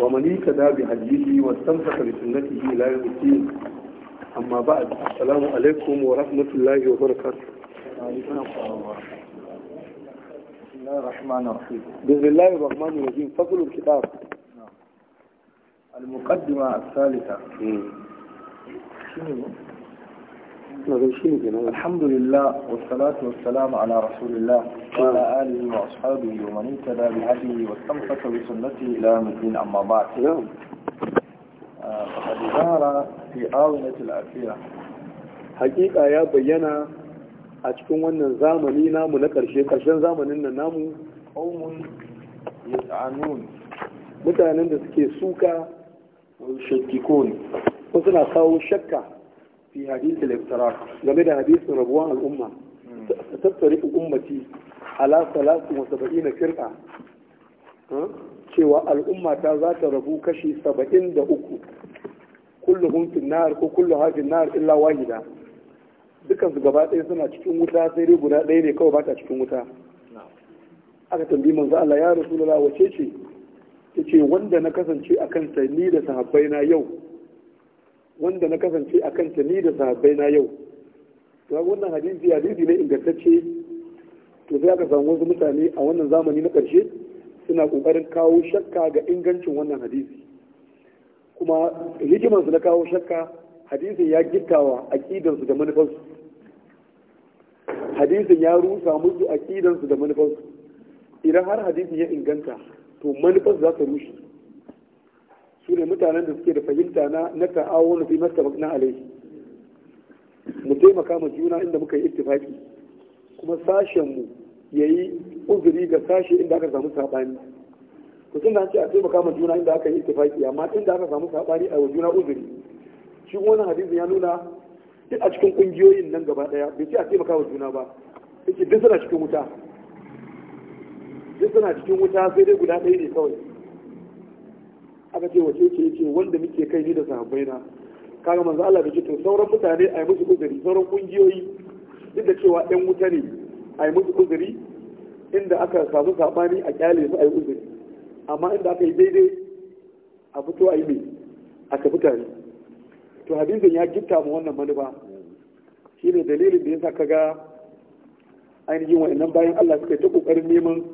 ومن يتبع بهديه واستمسك بسنته لا يوم الدين أما بعد السلام عليكم ورحمة الله وبركاته بسم الله الرحمن الرحيم بسم الله الرحمن الرحيم فصل الكتاب المقدمة الثالثة الحمد لله والصلاة والسلام على رسول الله وعلى آله وأصحابه ومن اهتدى بهديه واستمسك بسنته إلى يوم الدين أما بعد فقد ظهر في آونة الأخيرة حقيقة يا بينا أتكون وأن زامني نام لكر شيء كشان زامننا نام قوم يزعمون متى نندس كي سوكا ويشككون وسنا كاو شكا في حديث iftirak game حديث hadisin الأمة تفترق أمتي على ثلاث وسبعين wa saba'ina الأمة cewa ربو كشي za ta rabu kashi saba'in da uku النار إلا واحدة ko illa su gaba ɗaya suna cikin wuta sai dai guda ɗaya ne kawai ba ta cikin wuta aka tambayi manzo Allah ya rasulullah wace ce yace wanda na kasance akan ta ni da sahabbai na yau wanda na kasance a kanta ni da sahabbai na yau to wannan hadisi hadisi ne ingantacce to sai aka samu wasu mutane a wannan zamani na ƙarshe suna ƙoƙarin kawo shakka ga ingancin wannan hadisi kuma hikimarsu na kawo shakka hadisi ya gittawa aƙidansu da manufarsu hadisi ya rusa musu aƙidansu da manufarsu idan har hadisi ya inganta to manufarsu za ta rushe su ne mutanen da suke da fahimta na na na fi na alaihi mu taimaka ma juna inda muka yi ittifaki kuma sashen mu yayi uzuri ga sashe inda aka samu sabani ku tunda an ce a taimaka ma juna inda aka yi ittifaki amma inda aka samu sabani a juna uzuri shi wannan hadisin ya nuna duk a cikin kungiyoyin nan gaba daya bai ce a taimaka ma juna ba yake duk suna cikin wuta duk suna cikin wuta sai dai guda ɗaya ne kawai aka ce wace ce yake wanda muke kai ni da sahabbai na kaga manzo Allah da to sauran mutane ayi musu uzuri sauran kungiyoyi duk da cewa ɗan wuta ne ayi musu uzuri inda aka samu sabani a kyale su ayi amma inda aka yi daidai a fito ayi a tafi tare to hadisin ya gitta mu wannan manufa shine dalilin da yasa kaga ainihin wa'annan bayan Allah suka yi ta kokarin neman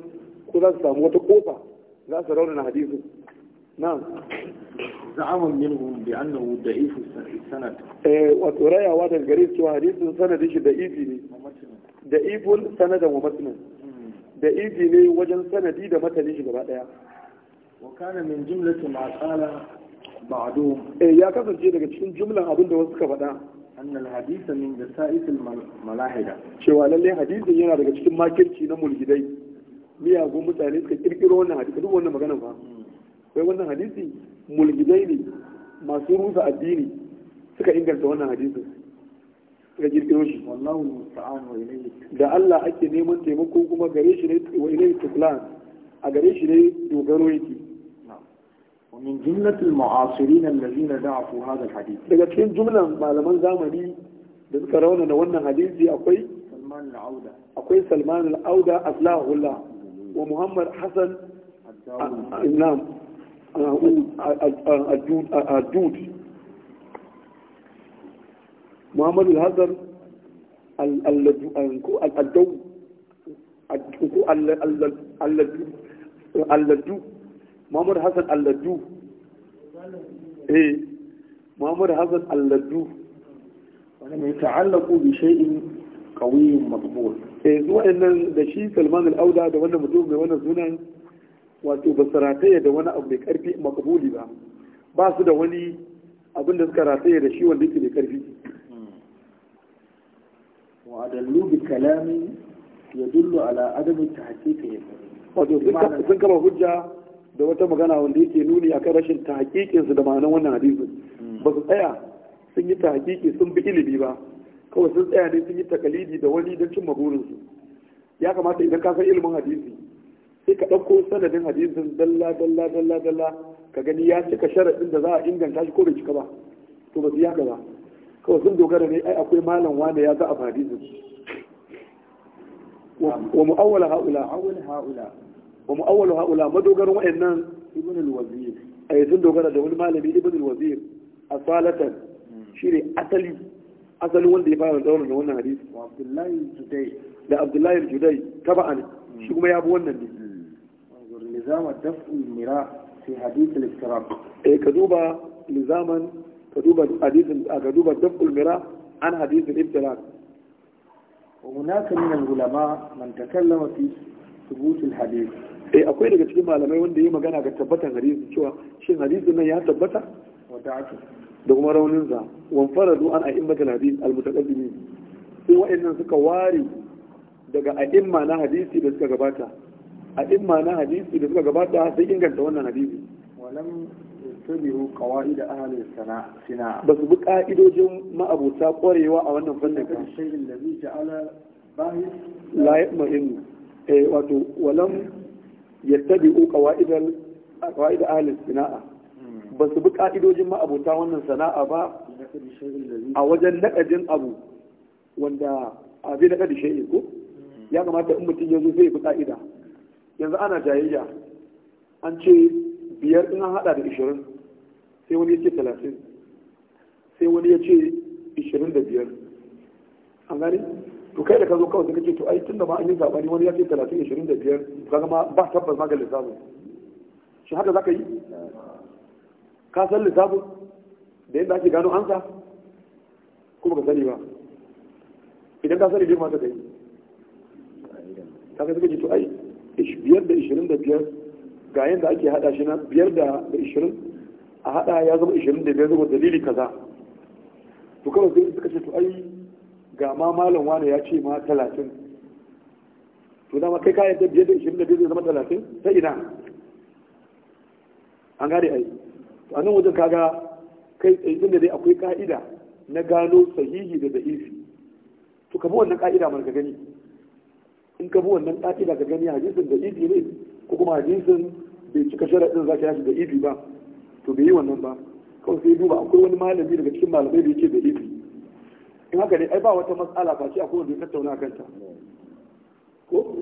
ko za su samu wata kofa za su raunana hadisin na'am za'amun minhum bi annahu da'ifu sanad eh wato rayawa daga gare hadisin sanadin shi da'ifi ne da'ifun sanadan wa matnin hmm. da'ifi ne wajen sanadi da matanin gaba daya wa kana min jumlati ma qala eh, ya kasance daga cikin jumlan abin da wasu suka faɗa annal hadisa min jasa'isil malahida cewa lalle hadisin yana daga cikin makirci na mulhidai miyagun mutane suka kirkiro wannan hadisi duk wannan magana ba wai wannan hadisi mulgidai ne masu rusa addini suka inganta wannan hadisin suka kirkiro shi da Allah ake neman taimako kuma gare shi ne wa ilayhi tuklan a gare shi ne dogaro yake ومن جملة المعاصرين الذين ضعفوا هذا الحديث daga cikin jumlan malaman zamani da suka rauna raunana wannan hadisi akwai Salman al-Auda akwai Salman al-Auda aslahullah wa Muhammad Hassan Na'am a adud muhammadu al-hazar al-adau ko alladu muhammadu hassan alladu eh muhammadu hassan al-Adul. alladu wani mai ta'allaku bi shay'in qawiyin maqbul eh zuwa nan da shi salman al-auda da wannan mutum mai wannan sunan wato ba su rataye da wani abu mai karfi makabuli ba ba su da wani abin da suka rataye da shi wanda yake mai karfi wa bi kalami yadullu ala adami tahqiqi wato sun kama hujja da wata magana wanda yake nuni a kan rashin ta su da ma'anar wannan hadisin hmm. ba su tsaya sun yi hakiki sun bi ilimi ba kawai sun tsaya ne sun yi takalidi da wani don cimma burinsu ya kamata idan ka san ilimin hadisi sai ka ɗauko sanadin hadisin dalla dalla dalla dalla ka gani ya cika sharaɗin da za a inganta shi ko bai cika ba to ba su yi haka ba kawai sun dogara ne ai akwai malam wane ya za a hadisin wa mu'awwala haula haula wa mu'awwala haula madogaran wayannan ibn al-wazir ay sun dogara da wani malami ibn al-wazir asalatan hmm. shine asali asalin wanda ya fara daura da wannan hadisi wa abdullahi judai da abdullahi judai taba'an hmm. shi kuma ya bi wannan ne لزام دفع المراء في حديث الافتراق إيه كدوبة لزاما كدوبة حديث كدوبة دفع المراء عن حديث وهناك من العلماء من تكلم في ثبوت الحديث akwai daga cikin malamai wanda ya magana ga tabbatar hadisi cewa shin hadisin nan ya tabbata da kuma raunin sa wan an a'immatul hadis al mutaqaddimin sai wa'annan suka ware daga a'imma na hadisi da suka gabata a imma na hadisi da suka gabata sai inganta wannan hadisi walam tabi'u qawaid ahli sana'a ba su bi ka'idojin ma'abuta kwarewa a wannan fannin kan shay'in da zai ja'ala bahis la yamin eh wato walam yattabi'u qawaid qawaid ahli sana'a hmm. ba su bi ka'idojin ma'abuta wannan sana'a ba a wajen nakadin abu wanda abin nakadi shay'in ko hmm. ya kamata in mutum ya zo sai ya bi ka'ida yanzu ana jayayya an ce biyar in an hada da ishirin sai wani ya ce talatin sai wani ya ce ishirin da biyar an gani to kai da ka zo kawai da kake to ai tun da ma an yi zaɓani wani ya ce talatin ishirin da biyar kaga ma ba tabbas ma ga lissafin shi haka za ka yi ka san lissafin da yadda ake gano ansa kuma ka sani ba idan ka sani bai ma ta ga kaga suka ce to ai biyar da ishirin da biyar ga yadda ake hada shi na biyar da ishirin a hada ya zama ishirin da biyar zama dalili kaza to kawai sai suka ce to ai ga ma malam wane ya ce ma talatin to dama kai kayan da biyar da ishirin da biyar zai zama talatin ta ina an gane ai to a nan wajen kaga kai tsaye da dai akwai ka'ida na gano sahihi da da'ifi to ka bi wannan ka'ida mana ka gani in ka bi wannan da ka gani hadisin da ibi ne ko kuma hadisin bai cika sharaɗin za ka yashi da ibi ba to bai yi wannan ba kawai sai duba akwai wani malami daga cikin malamai da yake da ibi in haka ne ai ba wata matsala ba ce a wanda tattauna a kanta ko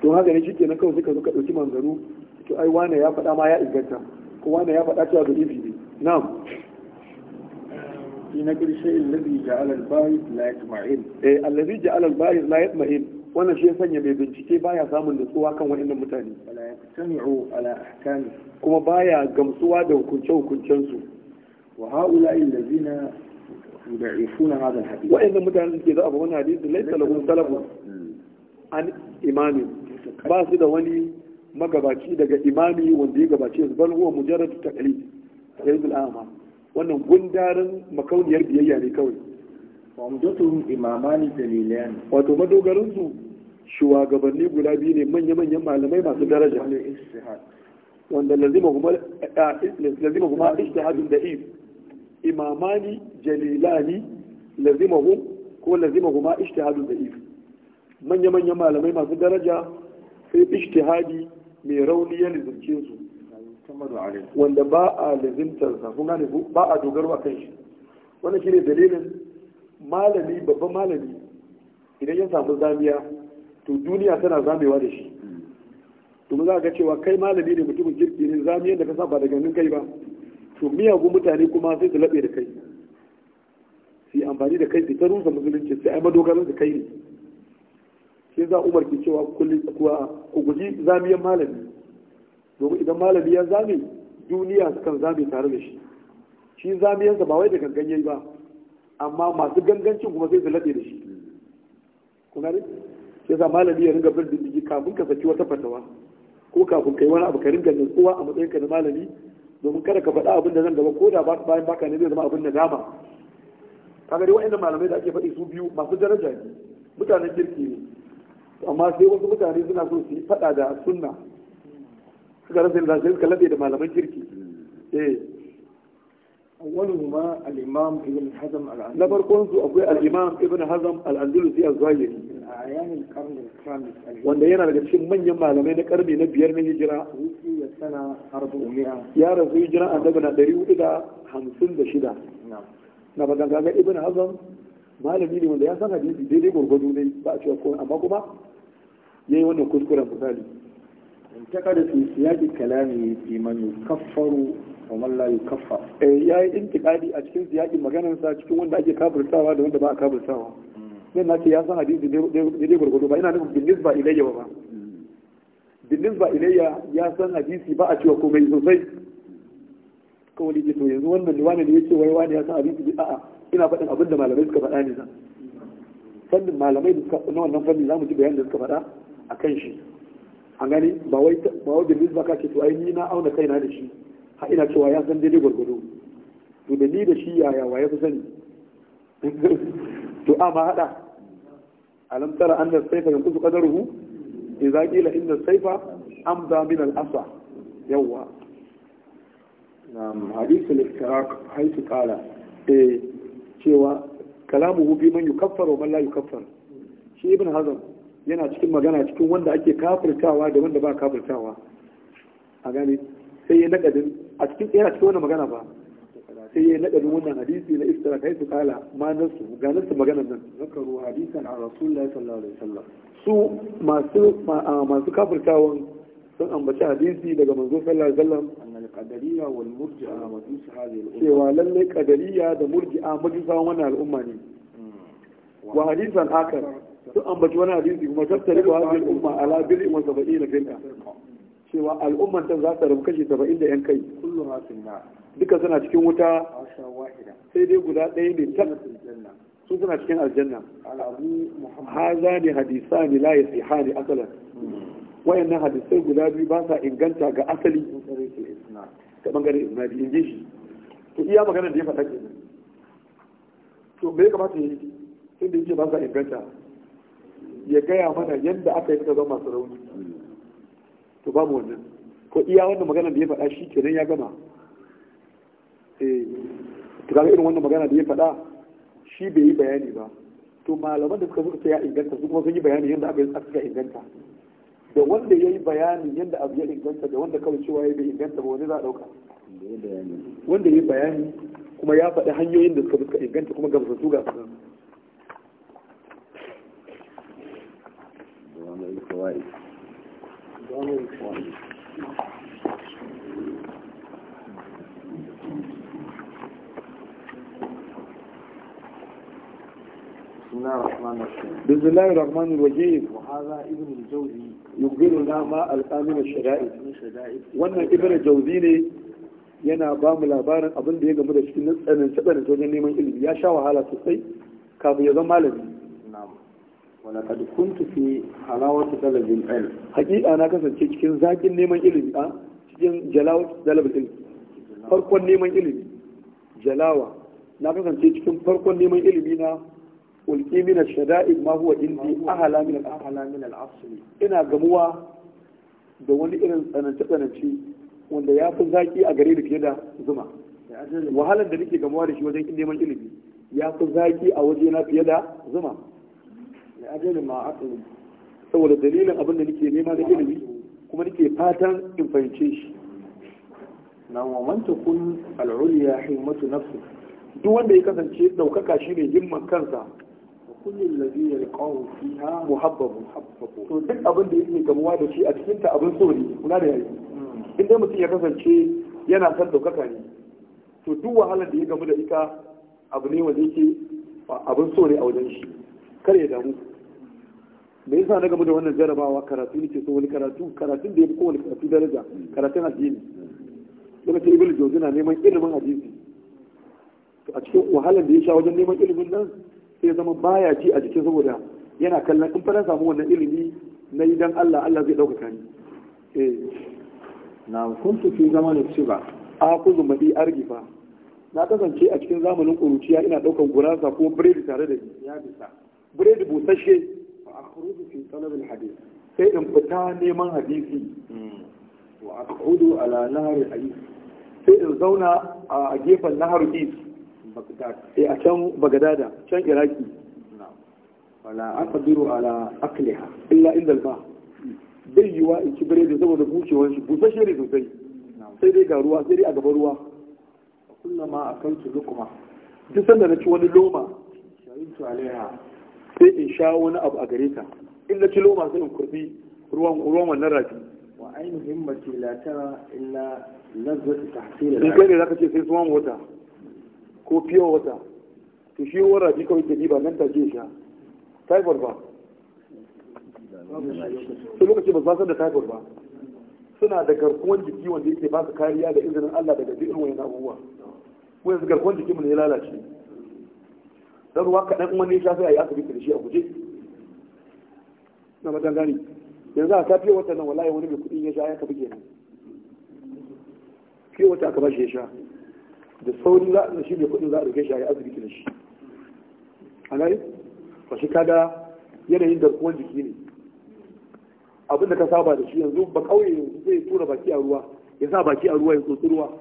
to haka ne shike na kawai suka zo ka ɗauki manzanu to ai wane ya faɗa ma ya inganta ko wane ya faɗa cewa da ibi ne na'am في نقل الشيء الذي جعل الباحث لا يطمئن. إيه الذي جعل الباحث لا يطمئن wannan shi ya sanya mai bincike baya samun nutsuwa kan waɗannan mutane kuma baya gamsuwa da hukunce-hukuncen su wa haula illazina yud'ifuna hadha al-hadith waɗannan mutane suke da abu wannan hadisi laysa lahum talabun an imami ba su da wani magabaci daga imami wanda ya gabace su bal huwa mujarrad taqlid taqlid al wannan gundarin makauniyar biyayya ne kawai wa imamani dalilan wato madogarin su shugabanni guda biyu ne manya-manyan malamai masu daraja wanda lazima kuma da eh, da'if imamani jalilani lazima ko lazima kuma da da'if manya-manyan malamai masu daraja sai ishtihadi mai rauni ya lizarce su wanda ba a lizimtarsa kun gane ba a dogaro a kan shi wannan ne dalilin malami babban malami idan ya samu zamiya to duniya tana zamewa da shi to za ga cewa kai malami ne mutumin kirki ne zami yadda ka sa ba da ganin kai ba to miyagun mutane kuma sai su laɓe da kai su amfani da kai su ta rusa musulunci sai ai madogaran da kai ne sai za umar ke cewa ku guji zamiyan malami domin idan malami ya zame duniya su kan zame tare da shi shi zamiyansa ba wai da gangan ba amma masu gangancin kuma sai su laɓe da shi sai sa malami ya ringa bin bindigi kafin ka saki wata fatawa ko kafin kai wani abu ka ringa nutsuwa a matsayin ka na malami domin kada ka faɗa abin da zan gaba ko da bayan baka ne zai zama abin da dama gari dai wa'annan malamai da ake faɗi su biyu masu daraja ne mutanen kirki ne amma sai wasu mutane suna so su yi faɗa da sunna suka rasa yin zasu suka laɗe da malaman kirki eh awwaluhuma al-imam ibn hazm al-andalusi na farkon su akwai al ibn hazm al a zuwa zahiri wanda yana daga cikin manyan malamai na karni na biyar na hijira ya rasu hijira a dabana ɗari hudu da hamsin da shida na ba ganga ibn hazan malami ne wanda ya san hadisi daidai gwargwado ne ba a cewa komai amma kuma ya yi wannan kuskuren misali da su siyaki kalami fi man yukaffaru wa man la yukaffar eh yayi intiqadi a cikin siyaqin maganarsa cikin wanda ake kafirtawa da wanda ba a kafirtawa zai na ce ya san hadisi ne gwargwado ba ina nufin bin ba ilayya ba bin ba ilayya ya san hadisi ba a cewa komai sosai kawai ke to yanzu wannan wani ne ya ce wai wani ya san hadisi a'a ina faɗin abin da malamai suka faɗa ne zan fannin malamai na wannan fannin za mu ji bayanin da suka faɗa a kan shi an gani ba wai da nisba ka ce to ai ni na auna kaina da shi ha ina cewa ya san daidai gwargwado to da ni da shi yaya wa ya fi sani to a ma haɗa alam tara anna saifa yanqusu qadaruhu idza qila inna saifa amza min al-asa yawa nam hadith al-iftirak haythu qala eh cewa kalamuhu bi man yukaffar wa man la yukaffar shi ibn hazm yana cikin magana cikin wanda ake kafirtawa da wanda ba kafirtawa a gani sai ya nakadin a cikin yana cikin wannan magana ba sai ya naɗarin wannan hadisi na iftara kai su kala ma nasu ga nasu maganar nan zakaru hadisan a rasulullahi sallallahu alaihi wasallam su masu masu kafirtawan sun ambaci hadisi daga manzo sallallahu alaihi wasallam annal qadariyya wal murji'a cewa lalle qadariyya da murji'a majusawan wannan al'umma ne hmm. wa hadisan akar sun ambaci wani hadisi kuma tattare da al umma ala wa sab'ina cewa al'umman ta za ta rubu kashi 70 da yan kai duka suna cikin wuta sai dai guda ɗaya ne ta su suna cikin aljanna haza ne hadisa ne la yasi asalin wayan hmm. wayannan hadisai guda biyu ba sa inganta ga asali ta bangare na bi inji shi to iya magana da ya faɗa ke to me ya kamata ya yi tun da yake ba sa inganta ya gaya mana yadda aka yi suka masu rauni to ba mu wannan ko iya wannan magana da ya faɗa shi kenan ya gama Eh, to kaga irin wannan magana da ya faɗa shi bai yi bayani ba to malaman da suka suka ce ya inganta su kuma sun yi bayani yadda abin suka inganta da wanda ya yi bayani yadda abu ya inganta da wanda kawai cewa ya bai inganta ba wani za a ɗauka wanda ya yi bayani kuma ya faɗi hanyoyin da suka suka inganta kuma gamsa su ga su Thank you. الله الرحمن الرحيم بسم الله الرحمن الرحيم وهذا ابن الجوزي يخبرنا ما القى من ne yana ba mu labarin abin da ya gamu da cikin tsanin tsanin wajen neman ilimi ya sha wahala sosai kafin ya zama malami ولقد كنت في حلاوة طلب العلم حقيقة أنا كسر cikin zakin neman ilimi a cikin jalawat talab farkon neman ilimi jalawa na kasance cikin farkon neman ilimi na ulki min ash-shada'id ma huwa indi ahla min al-ahla min al-asl ina gamuwa da wani irin tsanance tsanance wanda ya fi zaki a gare ni fiye da zuma wahalar da nake gamuwa da shi wajen neman ilimi ya fi zaki a waje na fiye da zuma da ajalin ma aqlu saboda dalilin abin da nake nema da ilimi kuma nake fatan in fahimce shi na wa man takun al-ulya himmatu nafsi duk wanda ya kasance daukaka shine himman kansa kullum ladhi yalqahu fiha muhabbabu to duk abin da yake gamuwa da shi a cikin ta abin so ne kula da yayi hmm. in dai mutum ya kasance yana son daukaka ne to duk wahalar da ya gamu da ita abu ne wanda yake abin so ne a wajen shi kar ya damu me yasa na gamu da wannan jarabawa karatu ne ke so wani karatu karatun da ya fi kowane karatu daraja karatun addini lokacin ibn jozi na neman ilimin addini to a cikin wahalar da ya sha wajen neman ilimin nan sai zama baya ji a jikin saboda yana kallon in fara samu wannan ilimi na yi don Allah Allah zai ɗaukaka ni eh na kuntu fi zamanin ba a kuzu madi argifa na kasance a cikin zamanin ƙuruciya ina ɗaukan gurasa ko biredi tare da ya bisa biredi busasshe a akhruju fi talab al hadith sai in fita neman hadisi hmm. wa a ala nahar al sai in zauna a gefen nahar is eh a can bagadada can iraki wala aqdiru ala akliha illa inda al-ba bai yiwa in ci biredi saboda bucewar shi busasshe ne sosai sai dai ga ruwa sai dai a gaban ruwa kan akaltu lukuma duk sanda na ci wani loma shayintu alaiha sai in sha wani abu a gare ta in na ci loma sai in kurbi ruwan ruwan wannan rafi wa ainihin mace la tara illa lazzat tahsil in kai ne zaka ce sai suwan wata ko fiye wata to shi wara ji kawai ke ba nan ta take sha typhoid ba su lokaci ba san da typhoid ba suna da garkuwan jiki wanda yake ba su kariya da izinin Allah daga duk irin abubuwa ko su garkuwan jikinmu ne ya lalace don ruwa kaɗan wani ya sai a yi asibiti da shi a guje na matangani gani yanzu a ta fiye wata nan wallahi wani mai kuɗi ya sha ya kafi kenan fiye wata aka ba shi ya sha da sauri za a shirya kudin za a rike shi a yi asibiti da shi a nan fashi kada yanayin garkuwar jiki ne abin da ka saba da shi yanzu ba kauye yanzu zai tura baki a ruwa ya sa baki a ruwa ya tsotsi ruwa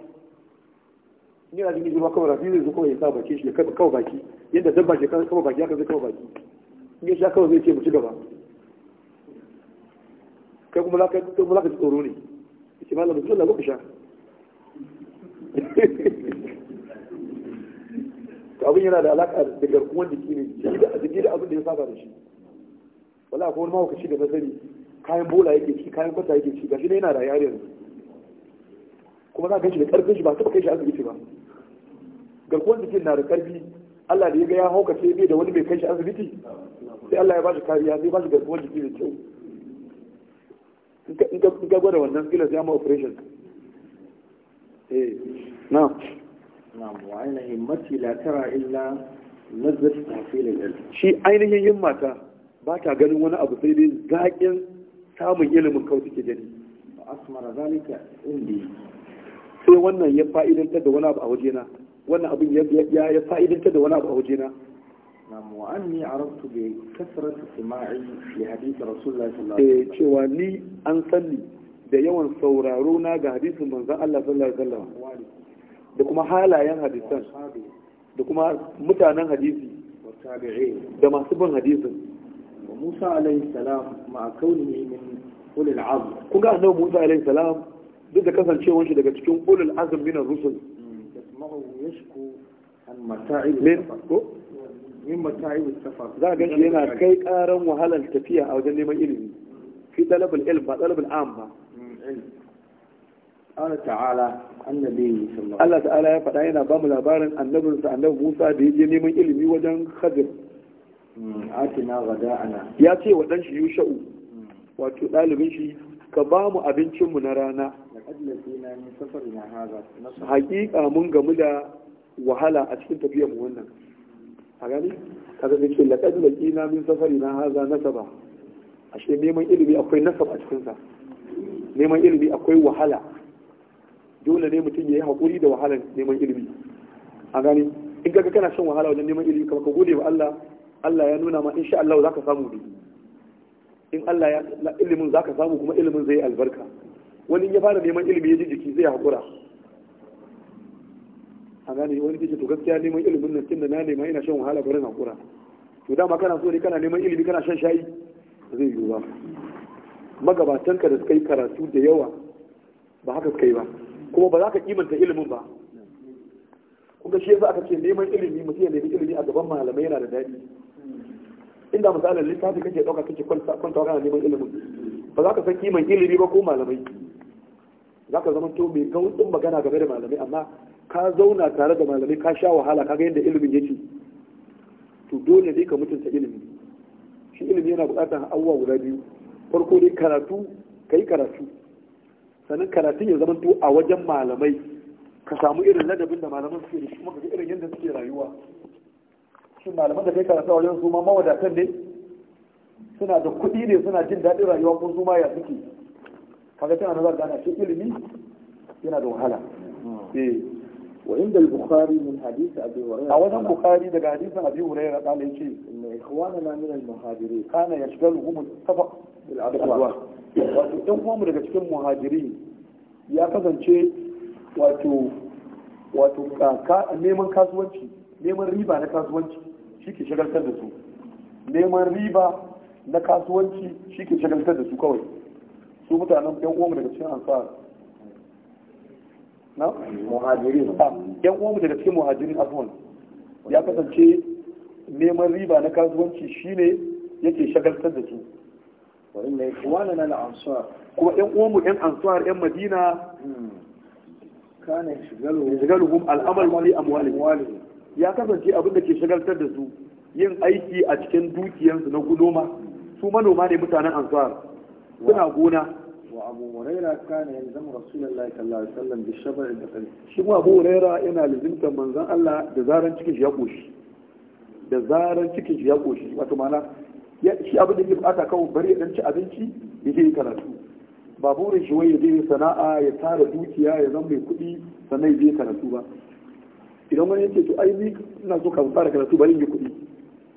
ni yana jini ruwa kawai rafi zai zo kawai ya sa baki shi ya kawo baki yadda baki ya kawo baki ya zai kawo baki in ya sha kawai zai ce mu ci gaba kai kuma za ka ji tsoro ne ya ce malam mutum Allah muka sha abin yana da alaka da garkuwan jiki ne jiki da abin da ya saba da shi wala ko wani shi da na kayan bola yake ci kayan kwata yake ci gashi ne yana da yare yanzu kuma za ka shi da karfin shi ba taɓa kai shi asibiti ba garkuwan jiki na da karfi Allah da ya ga ya haukace bai da wani bai kai shi asibiti sai Allah ya ba shi kariya sai ba shi garkuwan jiki da kyau in ka gwada wannan skill sai ya ma operation eh na na wa ainihin mati shi ainihin yin mata ba ta ganin wani abu sai dai zaƙin samun ilimin kawai take gani a sai wannan ya fa'idanta da wani abu a wajena wannan abin ya fa'idanta da wani abu a wajena نعم وأني عرفت بكثرة سماعي لحديث رسول الله صلى Cewa ni an sanni. da yawan sauraro na ga hadisin manzan Allah sallallahu alaihi wasallam da kuma halayen hadisan da kuma mutanen hadisi da masu bin hadisin Musa alaihi salam ma kaunihi min ulul azm kun ga annabi Musa alaihi salam duk da kasancewar shi daga cikin ulul azm min ar-rusul yasma'u yashku an mata'ib min ko min mata'ib safar za ga yana kai karan wahalar tafiya a wajen neman ilimi fi talabul ilm ba talabul am ba Allah ta'ala annabi Allah ta'ala ya faɗa yana ba mu labarin annabinsa annabi Musa da ya je neman ilimi wajen Khadir atina gada'ana ya ce wa dan shi Yusha'u wato ɗalibin shi ka ba mu abincinmu na rana haƙiƙa mun gamu da wahala a cikin tafiyar mu wannan a gani kaga da ce laƙad laƙina min safari na haza nasaba ashe neman ilimi akwai nasaba a cikinsa neman ilimi akwai wahala dole ne mutum ya yi haƙuri da wahalar neman ilimi a gani in kaga kana shan wahala wajen neman ilimi kamar ka gode wa Allah Allah ya nuna ma in sha Allah za ka samu ne in Allah ya ilimin za ka samu kuma ilimin zai albarka wani ya fara neman ilimi ya ji jiki zai haƙura a gani wani take to gaskiya neman ilimin nan tunda na nema ina shan wahala barin haƙura to dama kana so ne kana neman ilimi kana shan shayi zai yiwu ba magabatanka da suka yi karatu da yawa ba haka suka yi ba kuma ba za ka kimanta ilimin ba kuma shi yasa aka ce neman ilimi mutum ya nemi ilimi a gaban malamai yana da daɗi inda misalin littafi kake ɗauka kake kwantawa kana neman ilimin ba za ka san kiman ilimi ba ko malamai za ka zama to mai gautsin magana game da malamai amma ka zauna tare da malamai ka sha wahala ka ga yadda ilimin yake to dole ne ka mutunta ilimi shi ilimi yana buƙatar abubuwa guda biyu farko dai karatu ka yi karatu sannan karatun ya zama a wajen malamai ka samu irin ladabin da malaman suke da kuma ka irin yadda suke rayuwa shi malaman da kai karatu a wajen su ma mawadatan ne suna da kuɗi ne suna jin daɗin rayuwa ko su ma ya suke kaga tana nazar gana shi ilimi yana da wahala eh. وعند البخاري من حديث أبي هريرة أولا البخاري ده حديث أبي هريرة قال إيشي إن إخواننا من المهاجرين كان يشغلهم السفق بالأدوار ɗan هم daga cikin muhajiri ya kasance wato wato neman kasuwanci neman riba na kasuwanci shi ke shagaltar da su neman riba na kasuwanci shi ke shagaltar da su kawai su mutanen yan mu daga cikin ansar na muhajirin ah, yan daga cikin muhajirin afwan ya kasance neman riba na kasuwanci shine yake shagaltar da su kuma yan uwan mu yan ansuwar yan madina hmm. kana shigaluhum al'amal wani amwali ya kasance abinda ke shagaltar da su yin aiki a cikin dukiyansu na noma su manoma ne mutanen ansuwar suna gona abu huraira kana yanzu rasulullahi sallallahu alaihi wasallam bi shabar da kai shi ma abu huraira yana lizinta manzon Allah da zaran cikin shi ya koshi da zaran cikin shi ya koshi wato mana shi abin da yake bukata kawai bari ya dan ci abinci ya je karatu ba burin shi wai ya je sana'a ya tara dukiya ya zama mai kuɗi sannan ya je karatu ba idan wani yake to ai ni ina so ka fara karatu bari in yi kuɗi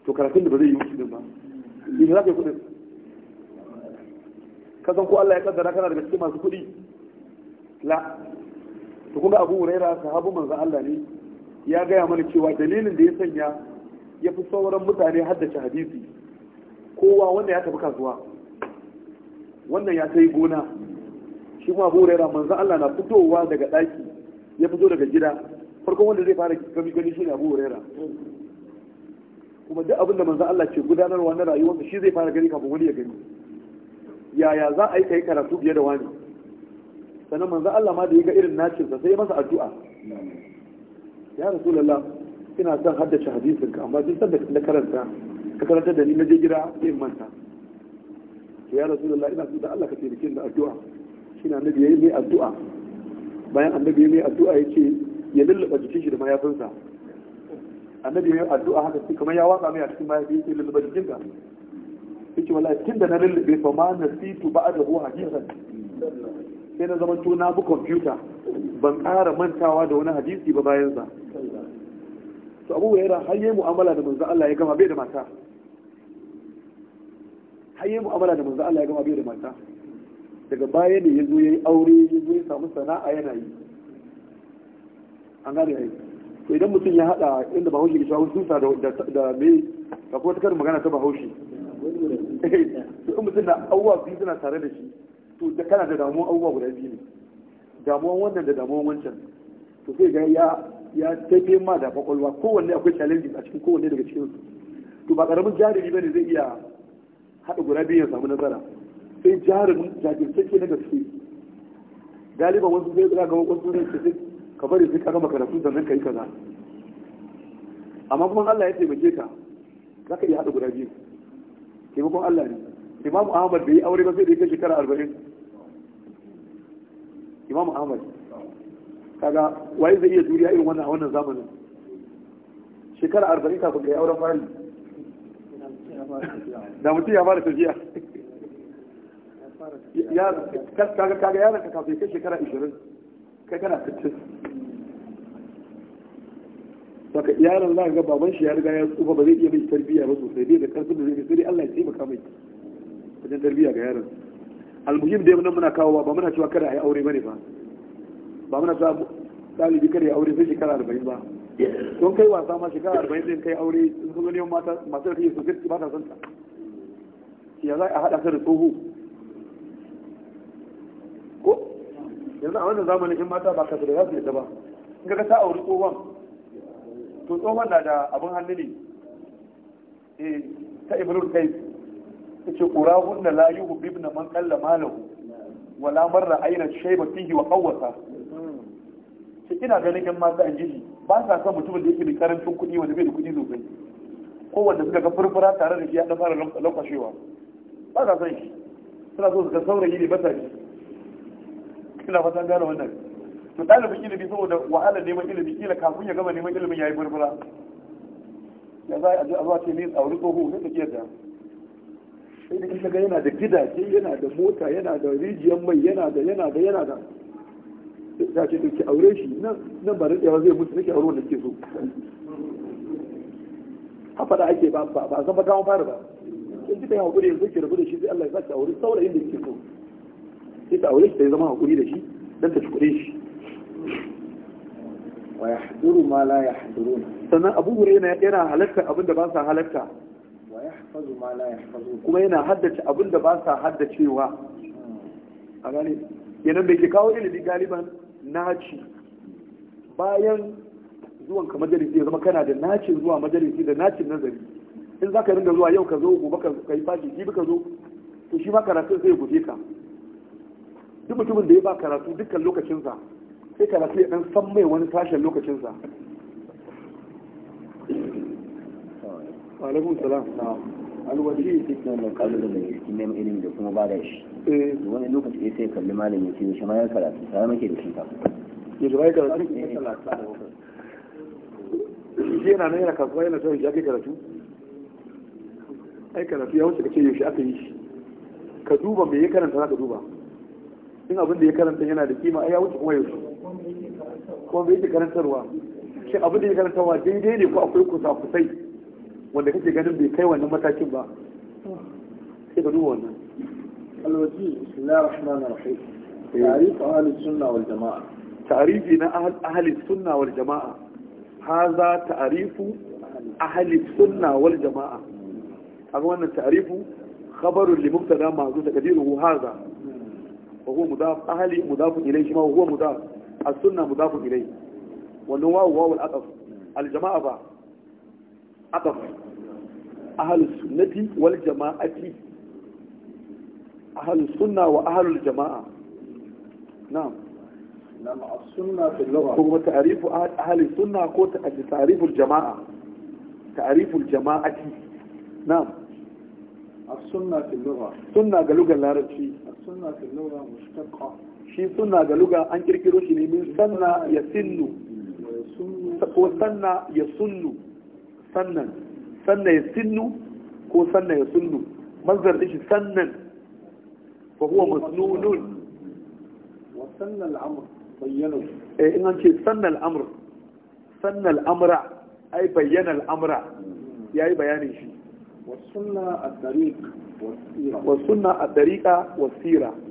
to karatun da ba zai yi kuɗi ba idan za ka yi kuɗin ka san ko Allah ya kaddara kana daga cikin masu kuɗi la to kuma Abu Huraira sahabu manzo Allah ne ya gaya mana cewa dalilin da ya sanya ya fi sauran mutane haddace hadisi kowa wanda ya tafi kasuwa wannan ya sai gona shi kuma Abu Huraira manzo Allah na fitowa daga ɗaki ya fito daga gida farkon wanda zai fara gami gani shine Abu Huraira kuma duk abin da manzo Allah ce gudanarwa na rayuwarsa shi zai fara gani kafin wani ya gani yaya za a yi kai karatu biye da wani sannan manzo Allah ma da yi ga irin nacin sa sai masa addu'a ya rasulullah ina son haddace hadisin ka amma duk sanda na karanta ka karanta da ni na je gida sai in manta ya rasulullah ina so da Allah ka taimake da addu'a shi na nabi yayi mai addu'a bayan annabi yayi mai addu'a yace ya lullaba jikin shi da mayafinsa annabi yayi addu'a haka sai kamar ya waka mai a cikin ya sai lullaba jikin ka yake wala tun da na lullube ba ma nasitu ba da ruwa hadisan sai na zama to na bu kwamfuta ban ƙara mantawa da wani hadisi ba bayan sa to abu ya har yi mu'amala da manzo Allah ya gama bai da mata har yi mu'amala da manzo Allah ya gama bai da mata daga baya ne ya yi aure ya zo ya samu sana'a yana yi an gane ai to idan mutum ya hada inda bahaushe ke shawo susa da da me akwai ta karin magana ta bahaushe to in mutum na abubuwa biyu suna tare da shi to da kana da damuwa abubuwa guda biyu ne damuwan wannan da damuwan wancan to sai ga ya ya tafi ma da kwakwalwa kowanne akwai challenge a cikin kowanne daga cikin su to ba karamin jarumi ne zai iya haɗa guda biyu ya samu nazara sai jarumin jajirtacce na gaske galiban wasu zai tsira ga wasu zai ce ka bari sai ka gama karatu sannan ka yi kaza amma kuma Allah ya taimake ka za ka iya haɗa guda biyu taimakon Allah ne Imam Ahmad bai yi aure ba zai da kai shekara arba'in Imam Ahmad kaga waye zai iya juriya irin wannan a wannan zamanin shekara arba'in kafin ga yawon auren fari da mutum ya fara tafiya kaga yaran ka kafin kai shekara ishirin kai kana sittin baka yaron za ga baban shi ya riga ya tsufa ba zai iya mai tarbiyya ba sosai bai da karfin da zai sai Allah ya taimaka mai wajen tarbiyya ga yaron almuhim dai nan muna kawo ba muna cewa kada a yi aure bane ba ba muna sa dalibi kada ya aure sai shekara arba'in ba don kai wasa ma shekara arba'in din kai aure in ka zo mata masu da kake so ba ta son ta ya za a haɗa ta da tsoho ko yanzu a wannan zamanin in mata ba ka da za su ta ba in ka ta auri tsohon to tsohon na da abin hannu ne eh, ta ibrul kai ta ce ƙura hunna la yi hubib na man kalla malahu wala marra aina shaiba fihi wa kawwasa ce ina ganin yan mata an jiji ba sa son mutumin da yake da karancin kuɗi wanda bai da kuɗi sosai ko wanda suka ga furfura tare da shi ya ɗan fara lankwashewa ba sa son shi suna so su ga saurayi ne ba sa shi ina fatan gane wannan to ɗalibin ilimi saboda wahalar neman ilimi kila kafin ya gama neman ilimin ya yi burbura ya za a ji azuwa ce ne tsauri tsoho sai ta kiyarta sai da kaga yana da gidaje yana da mota yana da rijiyar mai yana da yana da yana da ta ce ki aure shi nan ba daɗewa zai mutu nake aure wanda ke so haka da ake ba ba zama gawon fara ba in kika yi haƙuri yanzu ki rabu da shi sai Allah ya sa ki aure saurayin da ke so sai ta aure shi ta zama haƙuri da shi dan ta ci kuɗin shi wa yahduru ma la yahdurun sannan Abu Hurairah yana halatta abinda ba sa halatta wa yahfazu ma la yahfazu kuma yana haddace abinda ba sa haddacewa a gane yanan da ke kawo ilimi galiban naci bayan zuwan ka majalisi ya zama kana da nacin zuwa majalisi da nacin nazari in za ka ringa zuwa yau ka zo gobe ka yi fashi jibi ka zo to shi ma karatu zai guje ka duk mutumin da ya ba karatu dukkan lokacinsa sai karatu ya ɗan san mai wani sashen lokacinsa salam alwaji cikin da da yake neman ilimi da kuma bada shi eh. wani lokaci ya sai kalli shi ma ya karatu da shi ya eh. ya karatu shi yana nan yana kasuwa yana sauyi ya kai karatu ai karatu ya wuce ka ce yaushe aka yi shi ka duba me ya karanta za ka duba in abin da ya karanta yana da kima ai ya wuce kuma yaushe ko bai yi karantarwa shi abin da ya karantarwa daidai ne ko akwai kusa-kusai wanda kake ganin bai kai wannan matakin ba sai ka duba wannan alwaji bismillahir rahmanir rahim eh. tarifu sunna wal jamaa ta'rifi na sunna wal jamaa haza ta'rifu ahli sunna wal jamaa kaga wannan ta'rifu khabarun li mubtada ma'zuf taqdiruhu haza wa huwa mudaf ahli mudaf ilayhi ma huwa mudaf as-sunna mudafun ilayhi wannan wawu wawu al al-jama'a ba aqaf ahlus sunnati wal jama'ati ahlus sunna wa ahlul jama'a na'am na'am as-sunna fil lugha ko jamaa السنة في اللغة سنة قالوا السنة في اللغة مشتقة shi suna ga luga an kirkiro shi ne min sanna ya sinnu ko sanna ya sunnu sannan sanna ya sinnu ko sanna ya sunnu manzar shi sannan fa huwa masnunun wa sanna al'amr bayyana eh in an ce sanna al'amr sanna ai bayyana yayi bayanin shi wa sunna ad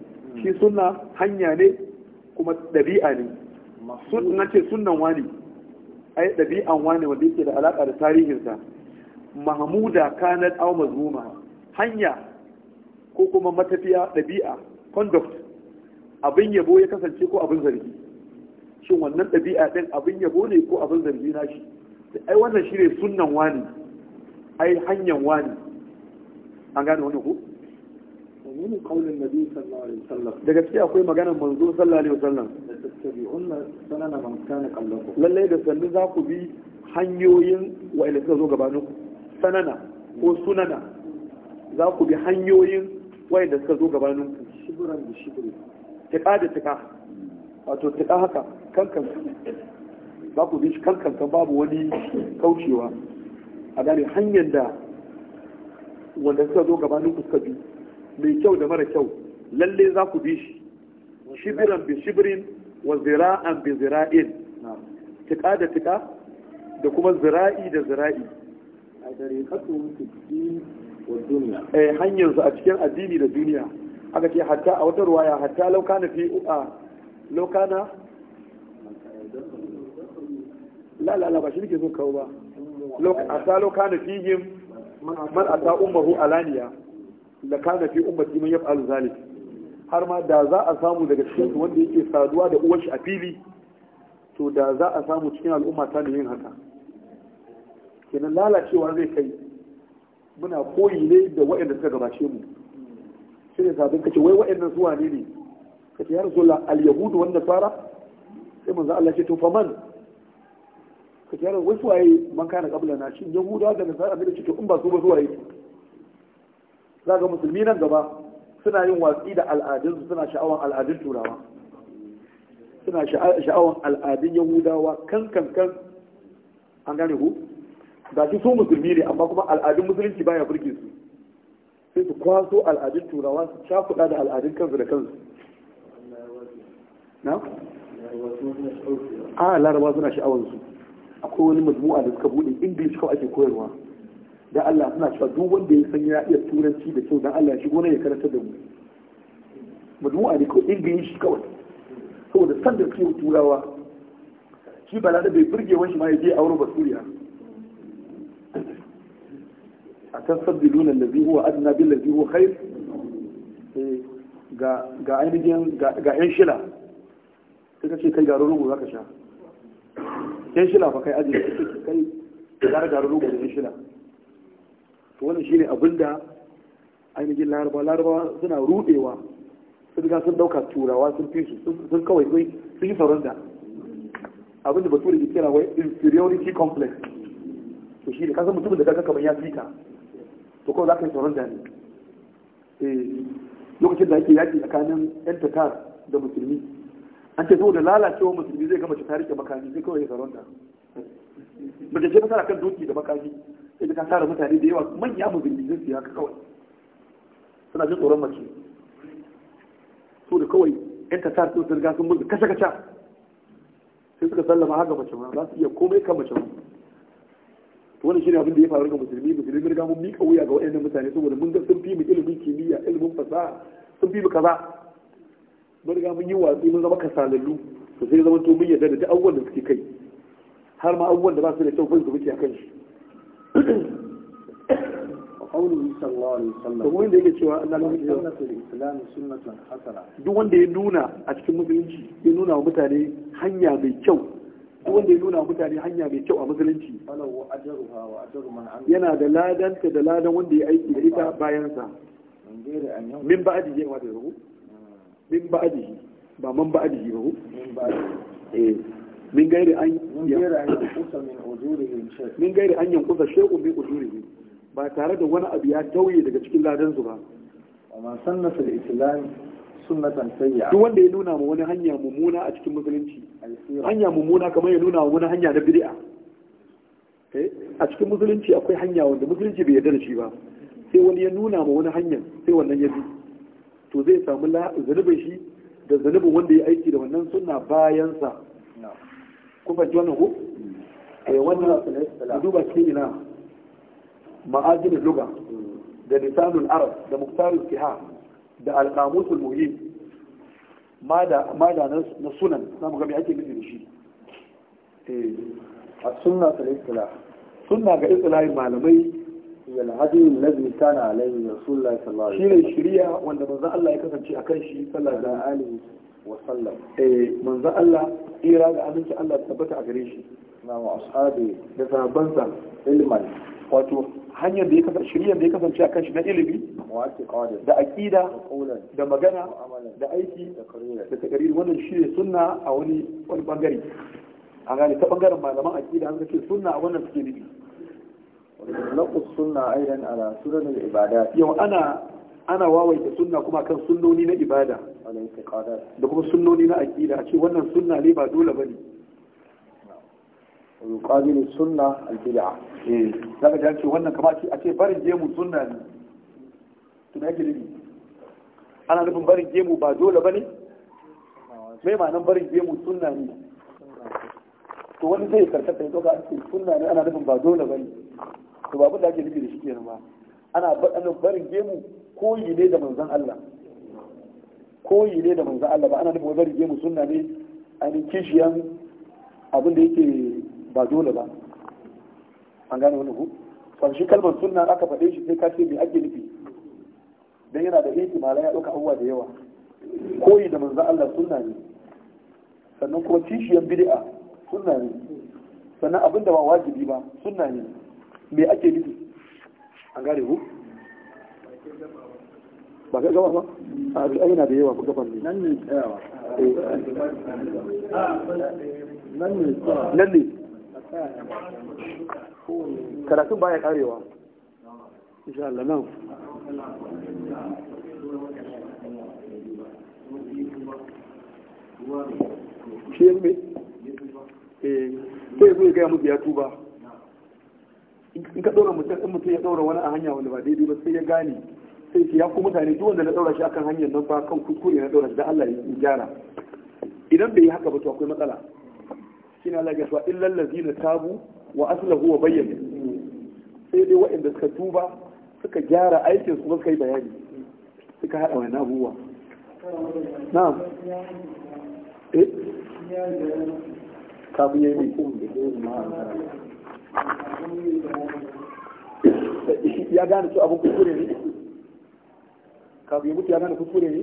shi suna hanya ne kuma ɗabi'a ne na ce sunnan wani ai ɗabi'an wani wanda yake da alaƙa da tarihinsa mahamuda kanar au mazmuma hanya ko kuma matafiya ɗabi'a conduct abin yabo ya kasance ko abin zargi shin wannan ɗabi'a ɗin abin yabo ne ko abin zargi na shi ai wannan shi ne sunnan wani ai hanyar wani an gane wani ku ومن قول النبي صلى الله عليه وسلم daga ciki akwai maganar manzo sallallahu alaihi wasallam da sannu za ku bi hanyoyin wa'ila suka zo gabanin ku tika da tika wato tika haka kankan za babu wani kaucewa a gane hanyar da wanda suka zo gabanin ku suka bi mai kyau da mara kyau lalle za ku bi shi shibiran bi shibirin wa zira'an bi zira'in tika da tika da kuma zira'i da zira'i a dariqatu ka wa dunya eh hanyar su a cikin addini da duniya aka ce hatta a wata ruwaya hatta laukana fi a laukana la la la ba shi nake so kawo ba hatta laukana fihim man ata ummuhu alaniya da kana fi ummati man yaf'alu zalik har ma da za a samu daga cikin wanda yake saduwa da uwar shi a fili to da za a samu cikin al'umma ta da yin haka kenan lalacewa zai kai muna koyi ne da wa'anda suka gabace mu shi ne sabon kace wai waɗannan zuwa ne ne kace ya rasulullah al-yahudu wanda nasara sai manzo Allah ce to faman kace ya rasulullah wai suwaye man kana kabla na shin yahudawa da nasara ne ce to in ba su ba suwaye za ga musulmi nan gaba suna yin watsi da al'adunsu suna sha'awan al'adun turawa suna sha'awan al'adun yahudawa kan kan kan an gane ku ga shi su musulmi ne amma kuma al'adun musulunci baya burge su sai su kwaso al'adun turawa su shafuɗa da al'adun kansu da kansu na? a ah, larabawa suna sha'awansu akwai wani majmu'a da suka buɗe english kawai ake koyarwa da Allah suna cewa duk wanda ya san ya iya turanci da kyau dan Allah ya shigo ne ya karanta da mu majmu'a ne ko ingilishi kawai saboda san da kiyo turawa shi bala da bai burge wani ma ya je aure basuriya a tasaddiluna allazi huwa adna bin ladhi huwa khair eh, ga ga ainihin ga yan shila sai ka ce kai garo za ka sha yan shila fa kai aji kai gara garo rubu da yan shila to wannan shine abinda ainihin larabawa larabawa suna rudewa sun riga sun dauka turawa sun fi su sun kawai sun yi da abinda bature ke kira wai inferiority complex to shi ne kasan mutumin da kaga kamar ya fita to kawai za ka yi da ne eh, lokacin da ake yaki tsakanin yan tatar da musulmi an ce saboda lalacewa musulmi zai gama ta rike makami zai kawai ya saranda mace ce tana kan doki da makami sai ka tara mutane da yawa manya mu zindin su haka kawai suna jin tsoron mace so da kawai yan tara sun riga sun mutu kashe kashe sai suka sallama haka mace ma za su iya komai kan mace ma to wannan shine abin da ya faru ga musulmi musulmi riga mun mika wuya ga waɗannan mutane saboda mun ga sun fi mu ilimin kimiyya ilimin fasaha sun fi mu kaza mun riga mun yi watsi mun zama kasalallu to sai zama to mun yarda da duk abubuwan da suke kai har ma abubuwan da ba su da kyau kun su muke akan shi qawluhu sallallahu alaihi to cewa Allah ya ya nuna a cikin musulunci ya nuna wa mutane hanya mai kyau a musulunci yana da da ladan wanda ya aiki da ita bayan sa min ba'di ya hmm. ba man min ba'di eh min gairi an min gairi an yankusa min ujurihim shay min gairi an yankusa shay'un min ba tare da wani abu ya tauye daga cikin ladansu ba amma sannata da islam sunnatan sayya duk wanda ya nuna ma wani hanya mummuna a cikin musulunci hanya mummuna kamar ya nuna ma wani hanya na bid'a eh, a cikin musulunci akwai hanya wanda musulunci bai yarda da shi ba sai wani ya nuna ma wani hanyar sai wannan ya bi to zai samu zanubin shi da zanubin wanda ya aiki da wannan sunna bayansa ku fahimci wannan ko mm. eh wannan duba cikin ina ma'ajin luga da lisanul arab da muktarul kiha da alqamusul muhim ma da na sunan za mu ga ake nufi da shi eh, a sunna ta istilah sunna ga istilahin malamai yal hadi allazi kana alaihi rasulullahi sallallahu alaihi Shi ne shiriya wanda manzon Allah ya kasance a kan shi sallar sallallahu alaihi wasallam eh manzon Allah ira da aminci Allah tabbata a gare shi na wa ashabi da sahabbansa ilman wato hanyar da ya kasance shiriyar da ya kasance a kanshi na ilimi da aƙida da magana da aiki da takariri wannan shi ne sunna a wani wani bangare a gane ta bangaren malaman aƙida an ce sunna a wannan suke nufi laƙus sunna aidan ala sunan ibada yau ana ana wawaita sunna kuma kan sunnoni na ibada da kuma sunnoni na aƙida a ce wannan sunna ne ba dole ba ne yuqabilu sunna al-bid'a eh zaka ta ce wannan kamar a ce barin gemu sunna ne to da yake ana nufin barin gemu ba dole bane mai ma nan barin gemu sunna ne to wani zai karkata ya doka ce sunna ne ana nufin ba dole bane to babu da ake nufi da shi kenan ba ana barin gemu koyi ne da manzon Allah koyi ne da manzon Allah ba ana nufin barin gemu sunna ne ainihin kishiyan abin da yake ba dole ba an gane wani ku ban shi kalmar sunna aka faɗe shi sai ka ce ake nufi dan yana da ihtimala ya ɗauka abubuwa da yawa koyi da manzan Allah sunna ne sannan kuma kishiyar bid'a sunna ne sannan abin da ba wajibi ba sunna ne me ake nufi an gane ku ba ga gaba ba a yana da yawa ku gaban ne nan ne eh. nan ne karatun baya karewa insha Allah nan shi yanzu eh sai zai gaya musu ya tuba in ka ɗaura mutum in mutum ya ɗaura wani a hanya wanda ba daidai ba sai ya gane sai ya ku mutane duk wanda na ɗaura shi akan hanyar nan ba kan kuskure na ɗaura shi da Allah ya gyara idan bai yi haka ba to akwai matsala shine Allah ya cewa illal ladzina tabu wa aslahu wa bayyana sai dai waɗanda suka tuba suka gyara aikin su suka yi bayani suka hada wannan abubuwa na'am eh kafin yayi mai ya gane su abin kuskure ne kafin ya mutu ya gane kuskure ne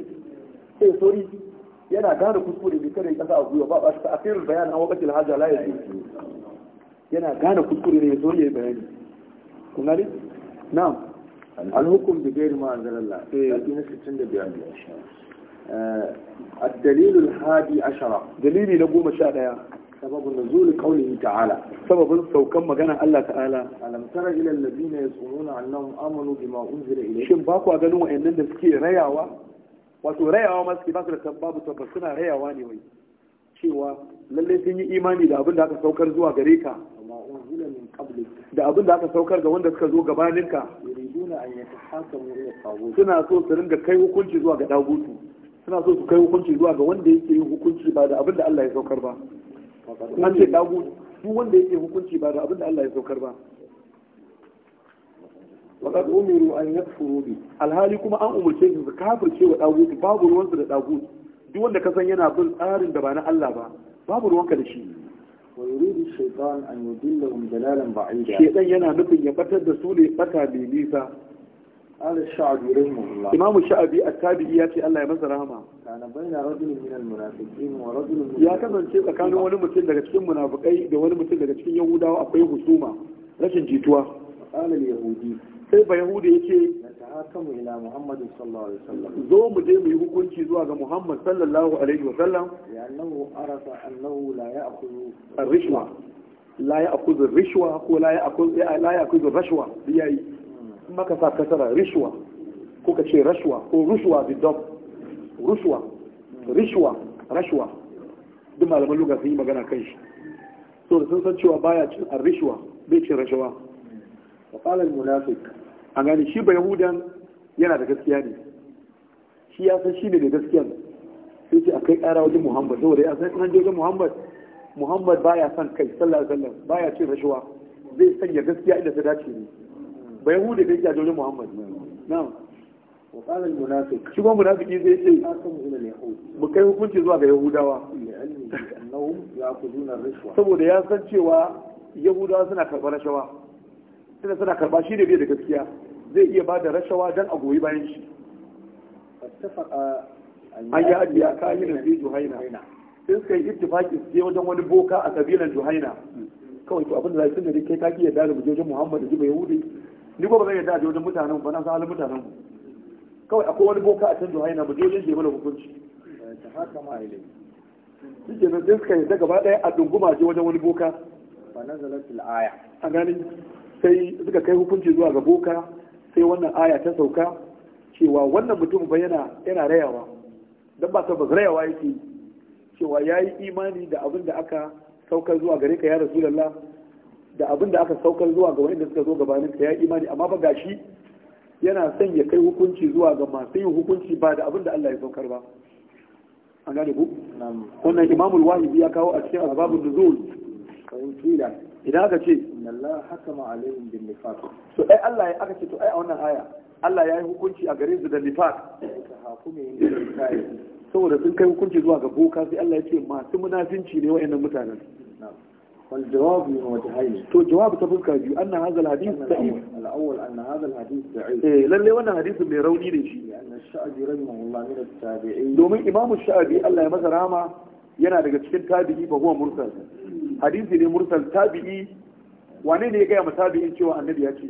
sai eh, sori yana gane kuskure bai kare kasa a gwiwa ba ba ta asirin bayan an wakati alhaja la ya zo yana gane kuskure ne ya zo ya bayani kun gani Na. alhukum bi ghairi ma anzalallah eh na 65 الدليل الهادي عشرة دليلي Sababin شاء سبب نزول قوله تعالى سبب سو كم مجانا الله تعالى ألم ترى إلى الذين يزعمون أنهم آمنوا بما أنزل إليهم شن باكو أغنوا da suke rayawa? wato rayawa masu suke ba su da babu tabbas suna rayawa ne wai cewa lallai sun yi imani da abin da aka saukar zuwa gare ka da abin da aka saukar ga wanda suka zo gabaninka suna so su ringa kai hukunci zuwa ga dagutu suna so su kai hukunci zuwa ga wanda yake yin hukunci ba da abin da Allah ya saukar ba an ce dagutu duk wanda yake hukunci ba da abin da Allah ya saukar ba وقد أمروا أن يكفروا به الهالي كما أن أمر شيء كافر شيء وطاغوت باب الوان سد طاغوت دي wanda ka san yana bin tsarin da ba na Allah ba babu ruwanka da shi wa yuridu shaytan an yudillahum dalalan ba'ida shaytan yana nufin ya batar da su ne bata mai nisa ala sha'abi rahimahullah imamu sha'abi at-tabi'i ya ce Allah ya masa rahama kana baina rajulin min al-munafiqin wa rajulin ya kasance tsakanin wani mutum daga cikin da wani mutum daga cikin yahudawa akwai husuma rashin jituwa sai ba yahuda yake tahakamu ila muhammad sallallahu alaihi wasallam zo mu je mu yi hukunci zuwa ga muhammad sallallahu alaihi wasallam ya annahu arafa annahu la ya'khudhu ar-rishwa la ya'khudhu ar-rishwa ko la ya'khudhu la ya'khudhu ar-rashwa yayi kuma ka sa kasara rishwa ko ka ce rashwa ko rushwa bi dab rushwa rishwa rashwa duk malaman lugha sun yi magana kan shi so sun san cewa baya cin ar-rishwa bai cin rashawa وقال المنافق a gani shi ba yahudan yana da gaskiya ne shi ya san shi ne da gaskiyan sai ce a kai ƙara wajen muhammad saboda ya san an jirgin muhammad muhammad ba ya son kai sallar sallar ba ya cin rashuwa, zai sanya gaskiya inda ta dace ne ba yahudan da ya a wajen muhammad Na وقال المنافق شو منافق يزي حاكم hukunci zuwa ga yahudawa saboda ya san cewa yahudawa suna karɓar rashawa suna suna shi ne bai da gaskiya zai iya ba da rashawa don a goyi bayan shi an yi ajiya na zai juhaina sun kai yi ittifaki su je wajen wani boka a kabilan juhaina kawai to abinda zai sun da kai kaki yadda da mujojin muhammadu jiba yahudi ni ba zai yadda a wajen mutanen ba na san halin mutanen mu kawai akwai wani boka a can juhaina mujojin zai mana hukunci shi ke nan sai suka yadda gaba a dunguma je wajen wani boka a gani sai suka kai hukunci zuwa ga boka sai wannan aya ta sauka cewa wannan mutum ba yana yana rayawa dan ba ta rayawa yake cewa yayi imani da abin da aka saukar zuwa gare ka ya rasulullah da abin da aka saukar zuwa ga wanda suka zo gabanin ka ya imani amma ba gashi yana son ya kai hukunci zuwa ga masu yin hukunci ba da abin da Allah ya saukar ba an gane ku wannan imamul wahibi ya kawo a cikin azabun nuzul fahimtila idan aka ce Allah hakama alaihim bin nifaq to ai Allah ya aka ce to ai a wannan aya Allah ya yi hukunci a gare su da nifaq saboda sun kai hukunci zuwa ga boka sai Allah ya ce masu munafinci ne wayannan mutanen والجواب من وجهين تو جواب تفكر بيو أن هذا الحديث ضعيف الأول أن هذا الحديث ضعيف إيه لن لو أن حديث من روني ليش لأن الشعبي رحمه الله من Domin دومين إمام Allah ya masa عما yana daga cikin tabi'i ba huwa mursal hadisi ne mursal tabi'i wane ne ya gaya ma tabi'in cewa annabi ya ce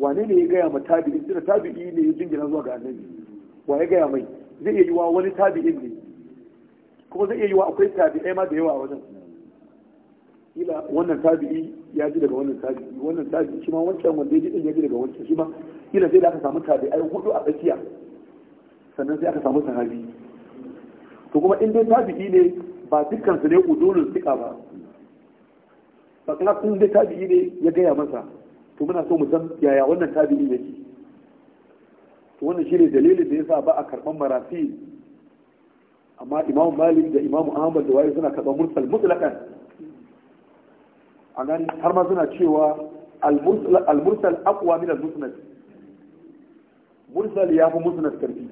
wane ne ya gaya ma tabi'in cewa tabi'i ne ya jingina zuwa ga annabi wa ya gaya mai zai iya yi wa wani tabi'in ne kuma zai iya yi wa akwai tabi'ai ma da yawa a wajen ila wannan tabi'i ya ji daga wannan tabi'i wannan tabi'i shi ma wancan wanda ya ji din ya ji daga wancan shi ma ila sai da aka samu tabi'ai hudu a tsakiya sannan sai aka samu sahabi to kuma in dai tabi'i ne ba dukkan su ne udulul fiqa ba ba kana in dai tabi'i ne ya gaya masa to muna so mu san yaya wannan tabi'i yake to wannan shine dalilin da yasa ba a karban marafi amma imam malik da imam ahmad da waye suna karban mursal mutlaqan a nan har ma suna cewa al-mursal aqwa min al-musnad mursal ya fi musnad karfi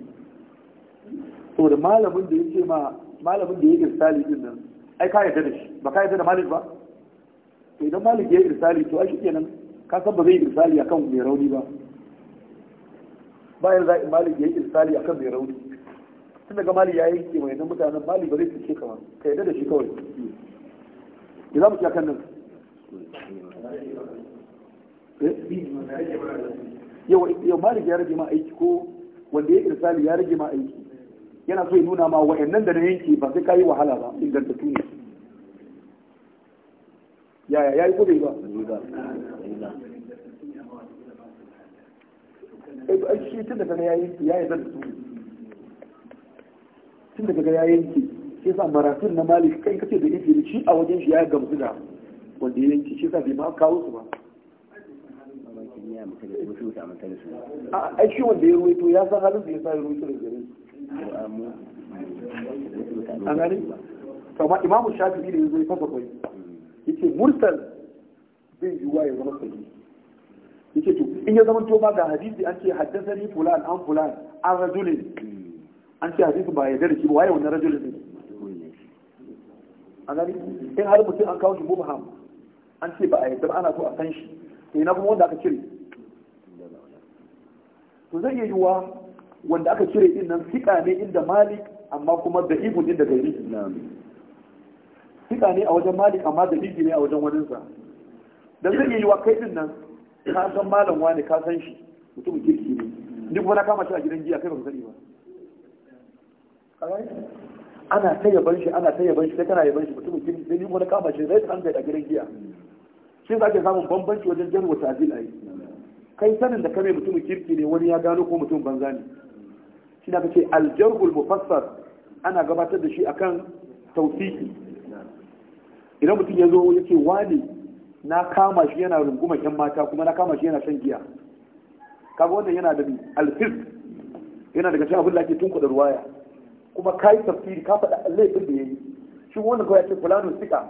saboda malamin da yake ma malamin da yake irsali din nan ai ka yarda da shi ba ka yarda da malik ba to idan malik ya yi irsali to ai shikenan ka san ba zai yi irsali akan mai rauni ba bayan zai malik ya yi irsali akan mai rauni tun daga malik ya yanke mai nan mutanen malik ba zai fice ka ba ka yarda da shi kawai ya za mu ci akan nan eh? yau malik ya rage ma aiki ko wanda ya irsali ya rage ma aiki yana so ya nuna ma wa wa'annan da na yanki ba sai ka yi wahala ba ingantattu tuni yaya ya yi ko bai ba eh, shi tun da kaga ya yanke ya yi zan tuni tun da kaga ya yanki shi sa maratun na malik kai kace da yake shi a wajen shi ya gamsu da wanda ya yanke shi sa bai ma kawo su ba a shi wanda ya ruwaito ya san halin da ya sa ya ruwaito da gare su an gani kama imamu shafi'i da yanzu ya fasa kwai ce mursal zai yiwuwa ya zama sahihi yace to in ya zama to ma ga hadisi an ce haddasani fulan an fulan an rajulin an ce hadisi ba ya da shi ba waye wannan rajulin ne an gani in har mutum an kawo shi mubham an ce ba a yadda ana so a san shi to ina kuma wanda aka cire to zai iya yiwuwa wanda aka cire din nan fiƙa ne inda malik amma kuma da ibun inda gari fiƙa ne a wajen malik amma da ibi ne a wajen waninsa dan zai yi wa kai din nan ka san malam wani ka san shi mutum kirki ne ni kuma na kama shi a gidan giya kai ba sani ba ana ta yaban shi ana ta yaban shi sai kana yaban shi mutum kirki sai ni kuma na kama shi zai an a gidan giya shi za ka samun bambanci wajen jarwa a ai kai sanin da kame mutum kirki ne wani ya gano ko mutum banza ne shi da ce aljarhul mufassar ana gabatar da shi akan tausiki idan mutum ya zo ya ce wani na kama shi yana runguma yan mata kuma na kama shi yana shan giya kaga wannan yana da alfis yana daga cikin abin da ake tunkuɗa ruwaya kuma ka yi tafsiri ka faɗa laifin da ya yi shi wannan kawai ya ce fulano sika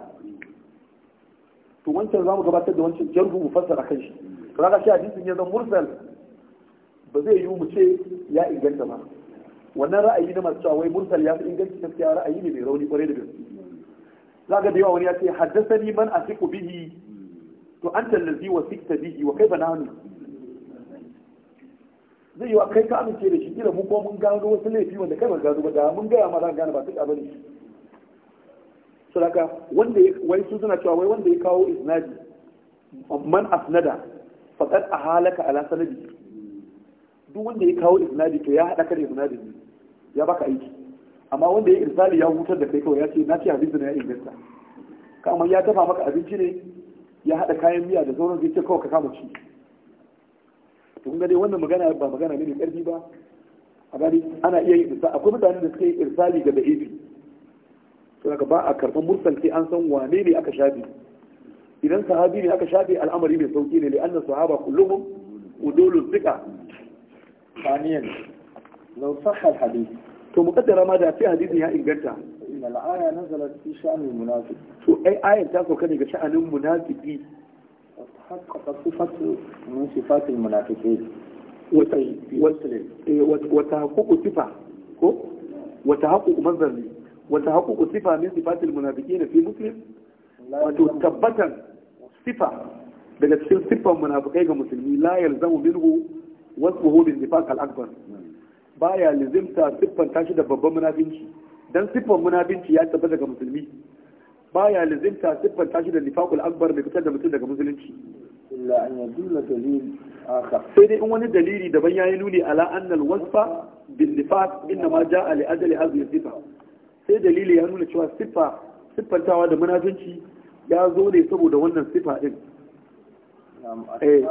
to wancan za mu gabatar da wancan jarhu mu fassara kan shi to ka shi hadisin ya zan mursal ba zai yiwu mu ce ya inganta ba wannan ra'ayi na masu wai mursal ya fi inganci gaskiya ra'ayi ne mai rauni kwarai da gaske za ga da yawa wani ya ce haddasani man a siku bihi to an tallazi wa sikta bihi wa kai ba nanu zai yi wa kai ka amince da shi kila mu ko mun gano wasu laifi wanda kai ba gano ba da mun gaya ma za gane ba duk abin sadaka wanda wai su suna cewa wai wanda ya kawo isnadi man asnada faqad ahalaka ala sanadi duk wanda ya kawo isnadi to ya haɗa kare isnadi ne ya baka aiki amma wanda ya irsali ya hutar da kai kawai ya ce na ce abinci na ya inganta kamar ya tafa maka abinci ne ya haɗa kayan miya da sauran zai ce kawai ka kama ci to kun dai wannan magana ba magana ne mai ƙarfi ba a gani ana iya yin irsali akwai mutane da suka yi irsali ga da'ifi to daga ba a karɓar mursal sai an san wane ne aka shafe idan sahabi ne aka shafe al'amari mai sauki ne li'anna sahaba kullum udulul thiqa ثانيا لو صح الحديث to muqaddara ma da sai hadisi ya inganta inna al-aya nazalat fi sha'n al-munafiq to ai ayan ta sauka ne ga sha'anin munafiqi tahaqqaqa sifatu min sifat al-munafiqin wa wa tahaqququ sifa ko wa tahaqququ mazdar ne wa tahaqququ sifa min sifat al-munafiqin sifa daga cikin siffan ga musulmi la yalzamu Wasu hudun nifaq al-akbar ya lizimta siffan tashi da babban munafinci dan siffan munafinci ya tabbata daga musulmi Ba ya lizimta siffan tashi da Nifakul al-akbar mai fitar da mutum daga musulunci illa an yadulla dalil akhar sai dai in wani dalili daban yayi nuni ala anna al-wasfa bin nifaq inna ma jaa li ajli hadhihi sifa sai dalili ya nuna cewa siffa siffantawa da munafinci ya zo ne saboda wannan sifa din Eh,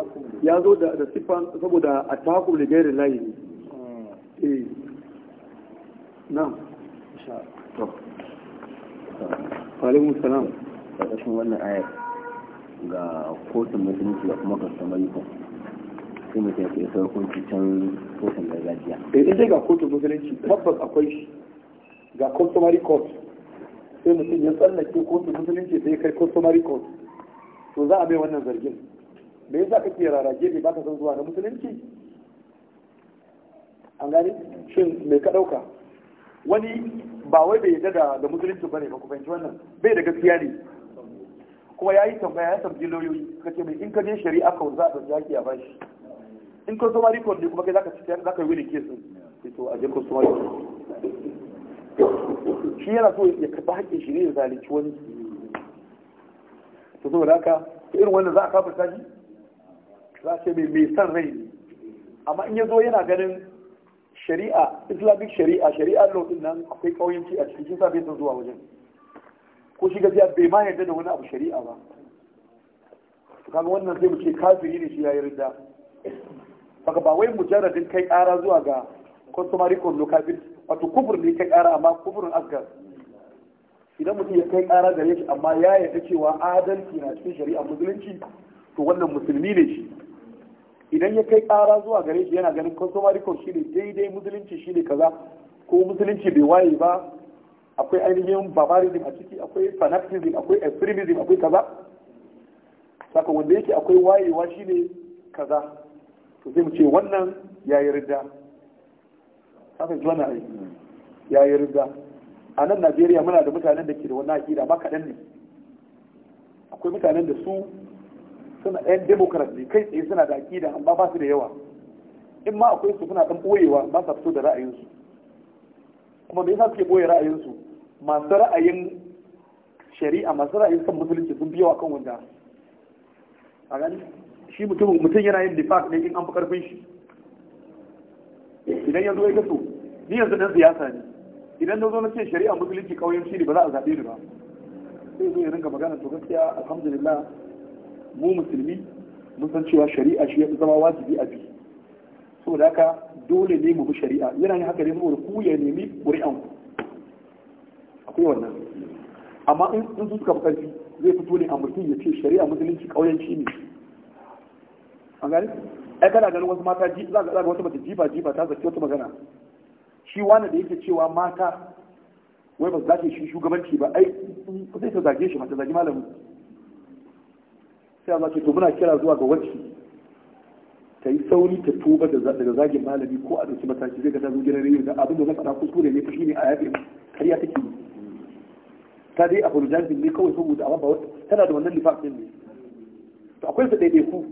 ya zo da siffan saboda a taku da gairin layi ne hmm. eh. na'am musulman a ƙarƙashin wannan ayar ga kotun musulunci da kuma kastamar yukon sai mutum ya kai hukunci can kotun gargajiya eh dai ga kotun musulunci tabbas akwai shi ga customary court sai mutum ya tsallake kotun musulunci sai kai customary court to za a mai wannan zargin me yasa kake rarage ne baka san zuwa na musulunci an gane shin me ka dauka wani ba wai bai yadda da musulunci bane ba ku fahimci wannan bai da gaskiya ne kuma ya yi tambaya ya tambayi lauyoyi suka ce mai in ka je shari'a ka za a zaki ya a bashi in customer record ne kuma kai zaka cika zaka yi wani kesin sai to a je customer record shi yana so ya kafa hakkin shi ne ya zalunci wani to saboda haka irin wannan za a kafa shi za ce mai mai san rai ne amma in ya zo yana ganin shari'a islamic shari'a shari'a law nan akwai kauyanci a cikin sa bai zuwa wajen ko shi gaskiya bai ma yarda da wani abu shari'a ba to kaga wannan zai mu ce kafiri ne shi ya yarda saka ba wai mujarradin kai kara zuwa ga customary court kafin wato kufur ne kai kara amma kufurin asgar idan mutum ya kai kara gare shi amma ya yarda cewa adalci na cikin shari'a musulunci to wannan musulmi ne shi idan ya kai ƙara zuwa gare shi yana ganin customary rikon shi ne daidai musulunci shi ne kaza ko musulunci bai waye ba akwai ainihin barbarism a ciki akwai fanaticism akwai extremism akwai kaza saka wanda yake akwai wayewa shi ne kaza to zai mu ce wannan ya yarda rida kafa ji wannan ya yarda rida a nan najeriya muna da mutanen da ke da wannan akida ma kaɗan ne akwai mutanen da su suna ɗayan democrat ne kai tsaye suna da aƙida amma ba su da yawa in ma akwai su suna ɗan ɓoyewa ba sa fito da ra'ayinsu kuma me yasa suke ɓoye ra'ayinsu masu ra'ayin shari'a masu ra'ayin son musulunci sun fi yawa kan wanda a gani shi mutum mutum yana yin difak ne in an fi karfin shi idan yanzu ya gaso ni yanzu ɗan siyasa ne idan na zo na ce shari'a musulunci kauyen shi ne ba za a zaɓe ni ba sai zo ya ringa magana to gaskiya alhamdulillah mu musulmi mun san cewa shari'a shi ya fi zama wajibi a bi saboda haka dole ne mu bi shari'a yana yin haka ne saboda ku ya nemi ƙuri'an ku akwai wannan amma in sun suka fi zai fito ne a mutum ya ce shari'a musulunci ƙauyanci ne an gani ai kana ganin wasu mata za ga wata mata jifa jifa ta zaki wata magana shi wani da yake cewa mata wai ba su dace shi shugabanci ba ai zai ta zage shi mata zage malamin sai Allah ce to muna kira zuwa ga wacce ta yi sauri ta tuba daga zagin malami ko a ɗauki mataki zai ga ta zo gidan rayu da abin da na faɗa kuskure ne fushi ne a yafe kariya take yi ta dai a fuljansin ne kawai saboda amma ba wata tana da wannan lifafin ne to akwai su ɗaiɗaiku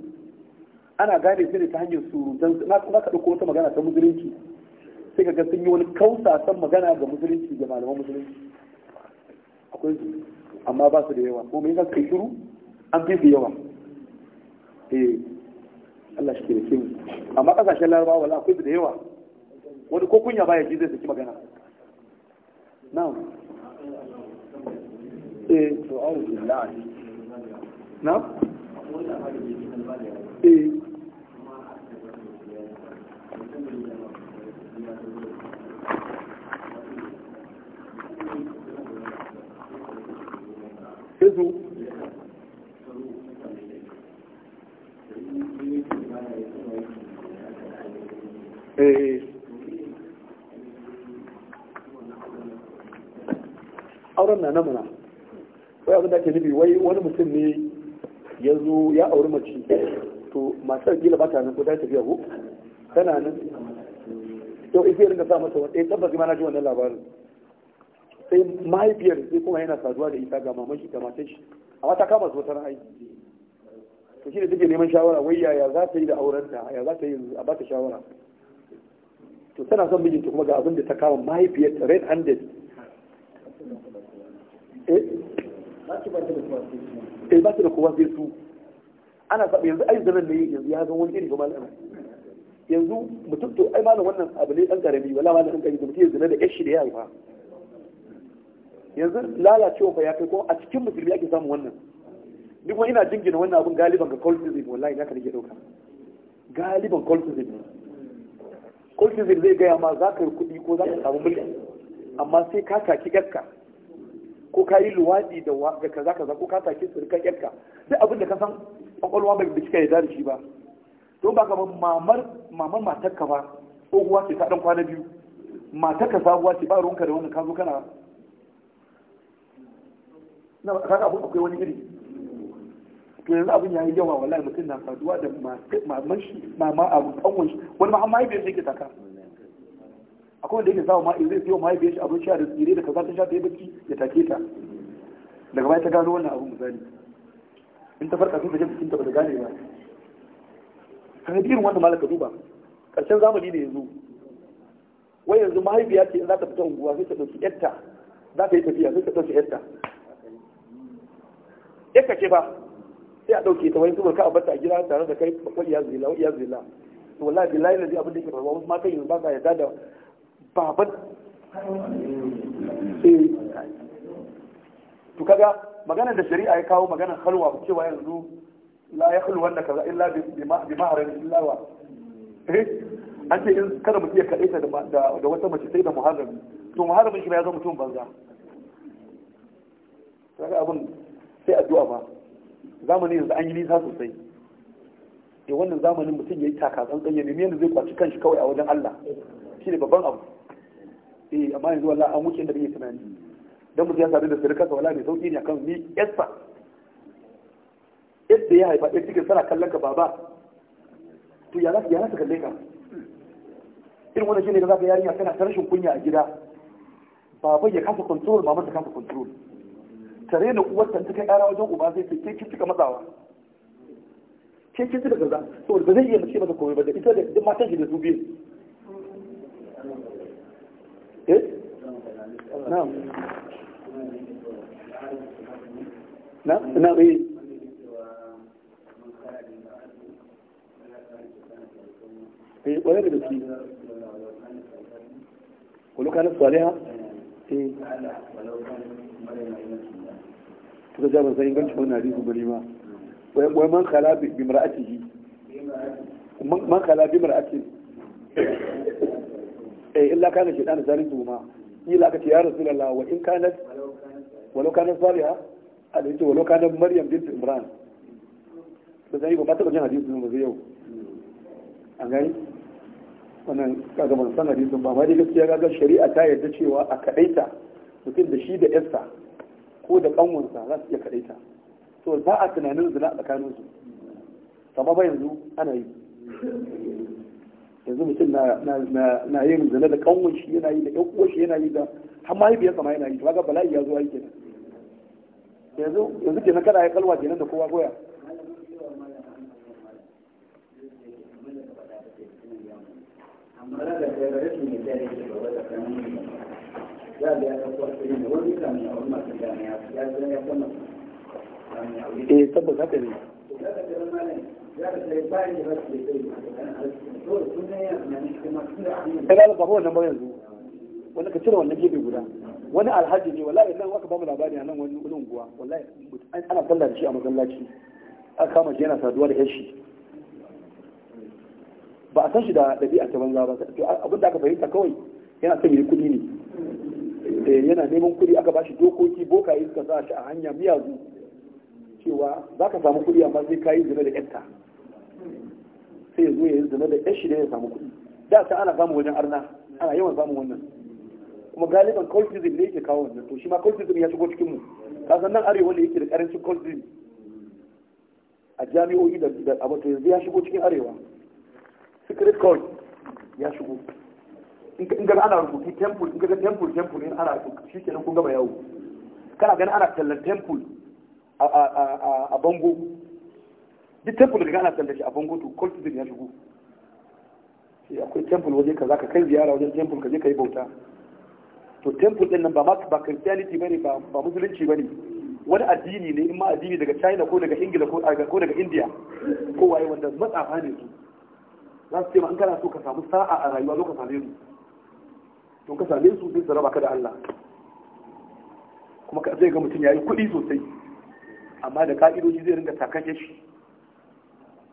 ana gane su ne ta hanyar surutan na ka ɗauko wata magana ta musulunci sai ka ga sun yi wani kausa san magana ga musulunci ga malaman musulunci akwai su amma ba su da yawa kuma me yasa kai shiru an fi su yawa eh Allah shi ke mu amma kasashen larabawa wala akwai da yawa wani ko kunya baya ji zai saki magana na eh to awu na. na'am eh Ezu Eh. auren na namuna wai abin da ake nufi wai wani mutum ne ya zo ya auri mace to masu gila ba ta nan ko ta tafiya ko tana nan to ife ringa sa masa wani eh tabbas ma na ji wannan labarin sai mahaifiyar sai kuma yana saduwa da ita ga maman shi ga matan shi amma ta kama su wata aiki to shi ne take neman shawara wai yaya za ta yi da aurenta ya za ta yi a bata shawara to tana son mijinta kuma ga abin da ta kama mahaifiyarta red handed eh? eh ba ta da kowa sai su ana saba yanzu ai zanen ne yanzu ya zan wani iri kuma al'amari yanzu mutum to ai malam wannan abu ne dan karami wala malam dan karami mutum ya zina da shi da ya haifa yanzu lalacewa fa ya kai ko a cikin musulmi ake samun wannan duk kuma ina jingina wannan abun galiban ga cultism wallahi haka nake dauka galiban cultism ne kultizir zai gaya ma za ka yi kuɗi ko za ka samu mulki amma sai ka taki ƙyarka ko ka yi luwaɗi da ga kaza kaza ko ka taki surkan ƙyarka duk abin da ka san ƙwaƙwalwa bai da kika yarda da shi ba to ba kamar mamar mamar matarka ba tsohuwa ce ta ɗan kwana biyu matarka sabuwa ce ba ruwanka da wani ka zo kana na kaga abin akwai wani iri to yanzu abin ya yi yawa wallahi mutum na faduwa da maman shi mama abu kanwan shi wani ma mahaifiyar shi yake taka akwai wanda yake sawa ma zai siyo mahaifiyar shi abin sha da tsire da kaza ta sha ta yi bacci ya take ta daga baya ta gano wannan abu misali in ta farka sun ta jikin ta ba ta gane ba sanadirin wannan malaka duba ƙarshen zamani ne yanzu wai yanzu mahaifiya ce in za ta fita unguwa sai ta ɗauki yarta za ta yi tafiya sai ta ɗauki yarta yarka ce ba sai a ɗauke ta wani kuma ka bata a gida tare da kai wa ya zila ya zila to wallahi billahi lazi abin da ke faruwa wasu matan yanzu ba sa yarda da baban eh. to kaga maganar da shari'a ya kawo maganar halwa cewa yanzu la ya halu wanda kaza illa bi maharin illa wa eh? an ce in kada mutum ya kaɗe ta da wata mace sai da muharrami to muharramin shi ya zama mutum banza kaga abin sai addu'a ba zamanin yanzu an yi nisa sosai e wannan zamanin mutum ya yi taka, tsantsan tsanye ne yadda zai kwaci kanshi kawai a wajen Allah shi ne babban abu eh amma yanzu wallahi an wuce inda bai tunani dan mutum ya sadu da sirkarsa wallahi mai sauki ne akan ni yassa yadda ya haifa ɗaya cikin sana kallon ka baba to ya za su kalle ka irin wannan shi ne da zaka yarinya tana ta rashin kunya a gida baba ya kasa control mamar ta kasa control tare na uwar ta kai ƙara wajen uba zai ce ke kin cika matsawa ke kin cika saboda ba zai iya mace masa komai ba da ita da duk matan shi da su biyu eh na'am na na eh eh da kulu kana eh suka ja sai san wani hadisi bane ma wai man khala bi mar'atihi man khala bi mar'atihi eh illa kana shaytanu zalimu ma ila ka ce ya rasulullah wa in kanat walau kana salihah ala wa walau kana maryam bint imran ba zai ba ta ga hadisi hadisin ba zai yau an gani wannan kaga ban san hadisin ba amma dai gaskiya kaga shari'a ta yadda cewa a kadaita mutum da shi da yarsa ko da kanwansa za su iya kaɗaita to ba a tunanin zina tsakanin su sama ba yanzu ana yi yanzu mutum na yin zina da kanwan shi yana yi da ƴan uwar shi yana yi da har ya sama yana yi ba ga bala'i ya zo ai kenan yanzu yanzu na kana ya kalwa kenan da kowa goya. amma da rashin da ta yi da za da ya kafa irin da wani wani ya Eh tabbata haka ne. ka ya ka da ya wannan ba ka cire wannan gefe guda. wani alhaji ne wallahi nan aka bamu labari a nan wani unguwa wallahi ana sallah da shi a masallaci aka kama shi yana saduwa da yashi ba a san shi da ɗabi'a ta banza ba abin da aka fahimta kawai yana son yi kuɗi ne yana neman kuɗi aka bashi dokoki yi suka sa shi a hanya miyazu cewa za ka samu kuɗi amma sai ka yi zina da yanta sai ya zo ya yi zina da ƴan shi ne ya samu kuɗi da ta ana samun wajen arna ana yawan samun wannan kuma galiban cultism ne yake kawo wannan to shi ma cultism ya shigo cikin mu san nan arewa ne yake da karancin cultism a jami'o'i da abu to yanzu ya shigo cikin arewa secret cult ya shigo in ga ana rubutu temple in ga temple temple in ana rubutu shi kenan kun gama yawo kana ganin ana tallan temple a bango duk temple da ana tallan shi a bango to cultism ya shigo eh, akwai temple waje kaza ka kai ziyara wajen temple ka je ka yi bauta to temple din nan ba ba christianity bane ba ba musulunci bane wani addini ne in ma addini daga china ko daga ingila ko daga india ko waye wanda matsafa ne su za su ce ma in kana so ka samu sa'a a rayuwa lokacin ka same Don ka same su sai su ka da Allah kuma ka zai ga mutum yayi kuɗi sosai amma da ka'idoji zai ringa takake shi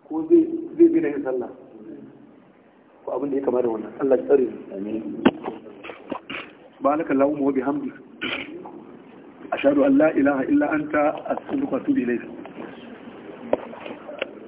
ko zai zai bi yin sallah ko abin da ya kama da wannan Allah ya tsare amin A اللهم allah أشهد أن لا إله إلا أنت أستغفرك وأتوب إليك